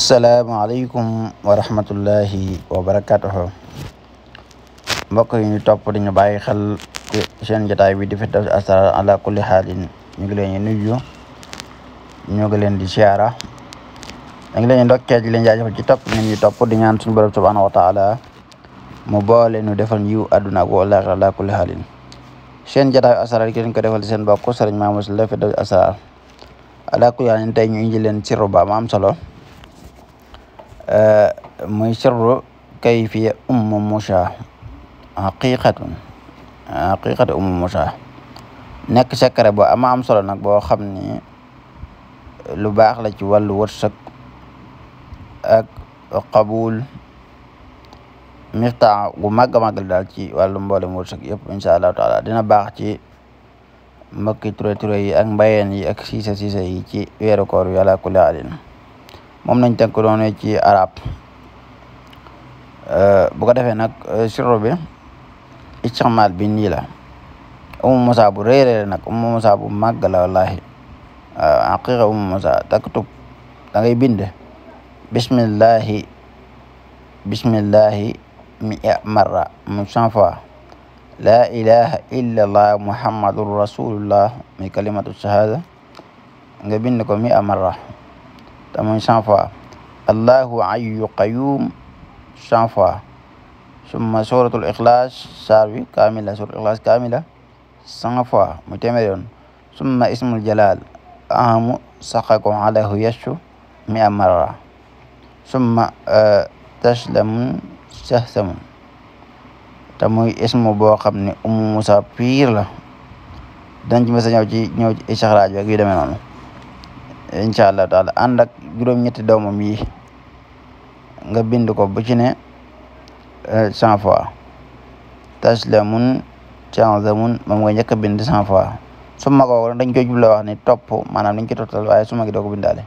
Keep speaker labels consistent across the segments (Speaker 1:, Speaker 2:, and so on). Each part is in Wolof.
Speaker 1: asalaamaaleykum wa rahmatullahi wa mbokk yi ñu topp di ñu bàyyi xel seen jataay bi di Firdaws Asrar xaalin ñu ngi leen di nuyu ñu ngi leen di siyaara ñu ngi leen di ndokkee di leen jaajëfal ñu ñu topp di ñaan suñu borom subhaanahu wa taala mu boole ñu defal yiw àdduna ak àllaaxira ala kulli xaalin seen jotaayu asrar ki defal seen mbokk sëriñ Mamour Sylla Firdaws Asrar ala kulli xaalin tey ñu indi leen sirru ba am solo Eh, muy sharru kayfiya ummu musa haqiqatun haqiqatu ummu musa nekk secret boo ama am solo nag boo xam ni lu baax la ci wàllu wërsëg ak qabul mifta gu màgg a daal ci wàllu mboolem wërsëg yëpp incha allahu taala dina baax ci mbokki ture ture yi ak mbayeen yi ak siisa siisa yi ci weeru koor yu àla kulli moom lañ tënk noonu ci arab bu ko defee nag sirru bi istimaal bi nii la umu musa bu réerée nag umu musa bu màgg wallahi aqiqa umu musa taktub da ngay bind bismillahi bismillahi mi'a marra mu fois la ilaha illa allah muhammadun rasulullah mi kalimatu shahada nga bind ko mi'a marra tamo 100 fois allahu hayyu qayyum 100 fois summa suratul ikhlas saar wi kaamila suratul ikhlas kaamila 100 fois mu téeméer yoon summa ismul jalal ahamu saqakum alahu yashu mi amara summa eh, taslamu sahsamun te muy ismu boo xam ne umu musa piir la dañ ci mës a ñëw ci ñëw ci saxraaj bi ak yu demee inshallah allah taala ànd ak ñetti doomam yi nga bind ko bu ci ne euh, cent fois taslamun tanzamun moom nga ñëk bind cent fois suma ko dañ ko jubla wax ni top manam dañ ci tottal waaye suma gi do ko bindale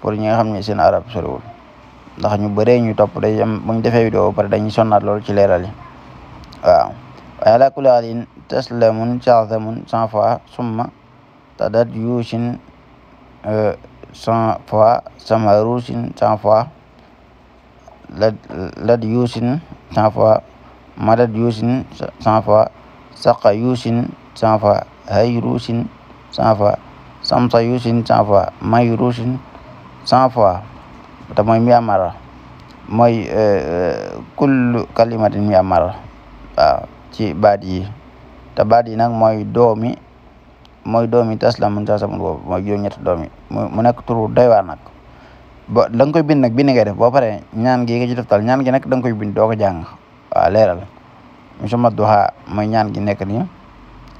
Speaker 1: pour ñi nga xamni seen arab soriwul ndax ñu bëree ñu top day am bu ñu defee vidéo par dañ sonnat lool ci léralé waaw waaye ala kulalin taslamun tanzamun cent fois summa tadad yushin cent fois samarusin cent fois lad lad yusin cent fois madad yusin cent fois saqa yusin cent fois hayrusin cent fois samsa yusin cent fois mayrusin cent fois te mooy mia mara mooy euh, euh, kullu kalimatin mia mara waaw ci baat yi te baat yi nag mooy doomi moy domi te aslam mun sasamul boobu mooy juróom mu nek turu doy war nak ba dang koy bind nak bind ngay def bo pare ñaan gi nga ci deftal ñaan gi nak dang koy bind doo ko wa leral mu sama duha moy ñaan gi nek ni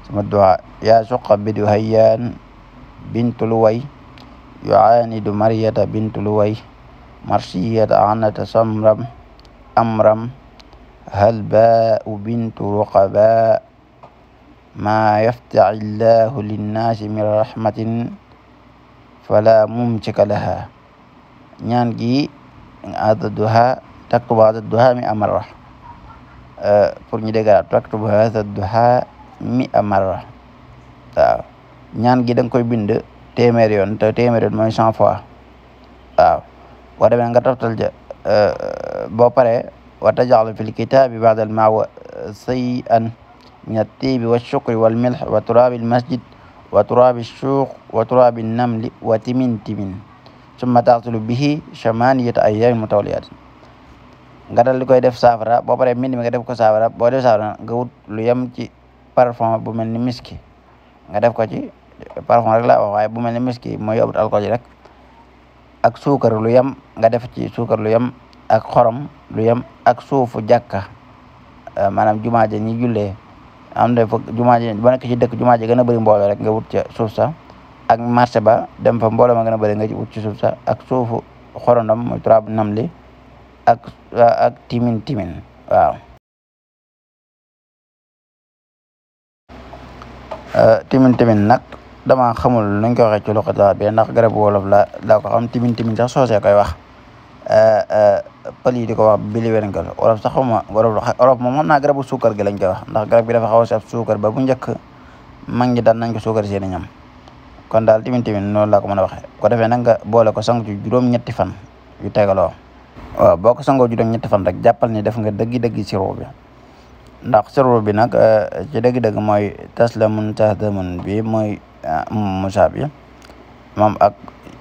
Speaker 1: sama duha yaa suqa bidi hayyan bintu luway yuaanidu mariyata bintul way marsiyata anata samram amram halbau bintu ruqaba ما يفتح الله للناس من rahmatin fala mumcika laha ñaan gi ada duha taktubu hada duha mi amarra e, pour ñu déggal taktubu hada duha mi amarra ta ñaan gi dang nga koy bind téeméer yoon te téeméer yoon mooy cent fois waaw boo demee nga toftal ja e, e, boo paree wa tajaxlu fil kitaabi ba'da al mawa say'an من الطيب والشكر والملح وتراب المسجد وتراب الشوق وتراب النمل وتمن تمن ثم تغسل به شمانية أيام متوليات غدا لكو يدف سافرة بابر من مي غدف كو سافرة بو دف سافرة غود لو يم تي بارفوم بو ملني مسكي غدف كو تي بارفوم رك لا واي بو ملني مسكي مو يوب الكول رك اك سوكر لو يم غدف تي سوكر لو يم اك خرم لو يم اك سوفو جاكا آه، مانام جمعه ني جوليه am na fa jumaa ji ba nekk ci dëkk jumaa ji gën a bëri mbooloo rek nga wut ca suuf sa ak marché ba dem fa mbooloo ma gën a bëri nga wut ci suuf sa ak suufu xorondom muy turaab nam li ak ak timin timin waaw euh, timin timin dama xamul nuñ ko waxee ci loxo tubaab bi ndax garab wolof la laa ko xam timin timin sax soosee koy wax Eh, eh, pali di ko wax bili werengal olof sax xawma olof olof moom mën naa garabu suukar gi lañ koy wax ndax garab gi dafa xaw a saf ba bu njëkk mag ñi daan nañ ko suukar seen i ñam kon daal timin timin noonu la ko mën a waxee ko defee nag nga boole ko sangu ci juróom-ñetti fan yu tegaloo waaw eh, boo ko sangoo juróom-ñetti fan rek jàppal ni def nga dëgg-dëgg sirru bi ndax sirru bi nag ci dëgg-dëgg mooy taslamun tahdamun bi mooy musaab bi mam ak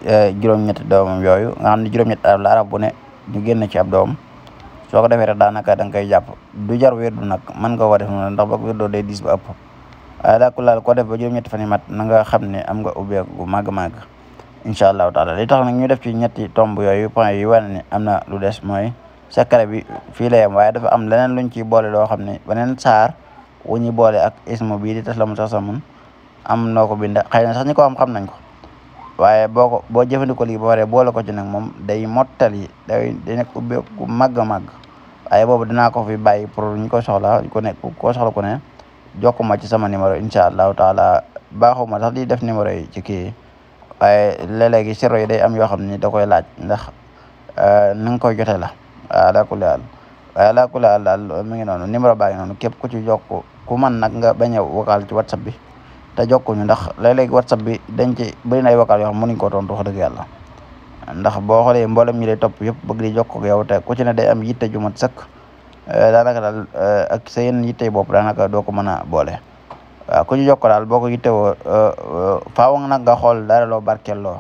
Speaker 1: Eh, juróom-ñetti doomam yooyu nga xam ne juróom-ñetti arab la bu ne ñu génn ci doom soo ko defee rek daanaka da nga koy jàpp du jar wérdu nag mën nga ko def noonu ndax boo ko wérdoo day ëpp waaye daa ko laal ko ba juróom-ñetti fan na nga xam ne am nga ubbeeku gu màgg-màgg incha allahu taala li tax nag ñu def ci ñetti tomb yooyu point yi wane ne am na lu des mooy secret bi fii la yem waaye dafa am leneen luñ ciy boole loo xam ne beneen saar wu ñu boole ak ismu bii di taslamu tasamun am noo ko bind xëy na sax ñi ko am xam nañ ko waaye boo ko boo jëfandikoo lii ba pare boole ko ci nag moom day mottali day day nekk ubbeeku màgg a màgg waaye boobu dinaa ko fi bàyyi pour ñu ko soxla ko ne ko soxla ku ne jokk ma ci sama numéro incha allahu taala baaxuma ma sax di def numéro yi ci kii waaye léeg-léegi siro yi day am yoo xam ne da koy laaj ndax euh, na nga koy jotee la waaw laakule àll waaye laakule daal mi ngi noonu numéro baa ngi noonu képp ku ci jokk ku man nag nga bañ a vocal ci whatsapp bi te jokkuñu ndax léeg-léeg whatsapp bi dañ ci bëri na ay vocal yoo xam mënuñ koo tontu wax dëgg yàlla ndax boo xoolee mboolem ñi lay topp yëpp bëgg di jokk ak yow te ku na ne day am yitte ju mat sëkk eh, daanaka daal eh, ak sa yenn yitte bopp daanaka doo ko mën a boole waaw ku ñu jokk daal boo ko yittewoo eh, faaw nag nga xool dara loo barkeeloo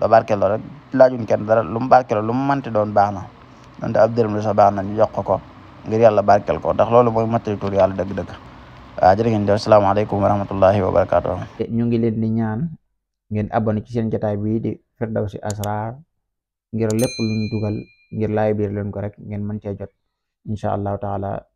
Speaker 1: loo barkeeloo rek laajuñ kenn dara lu mu barkel lu mu mënti doon baax na donte ab dërëm la sax baax na ñu jox ko ngir yàlla barkeel ko ndax loolu mooy matériel yàlla dëgg-dëgg Ah, jërë ngeen jëf salaamaaleykum wa rahmatullahi wa barakaatu. ñu ngi leen di ñaan ngeen abonné ci seen jotaay bii di Firdawsi Asrar ngir lépp luñ dugal ngir laay biir leen ko rek ngeen mën cee jot incha allahu taala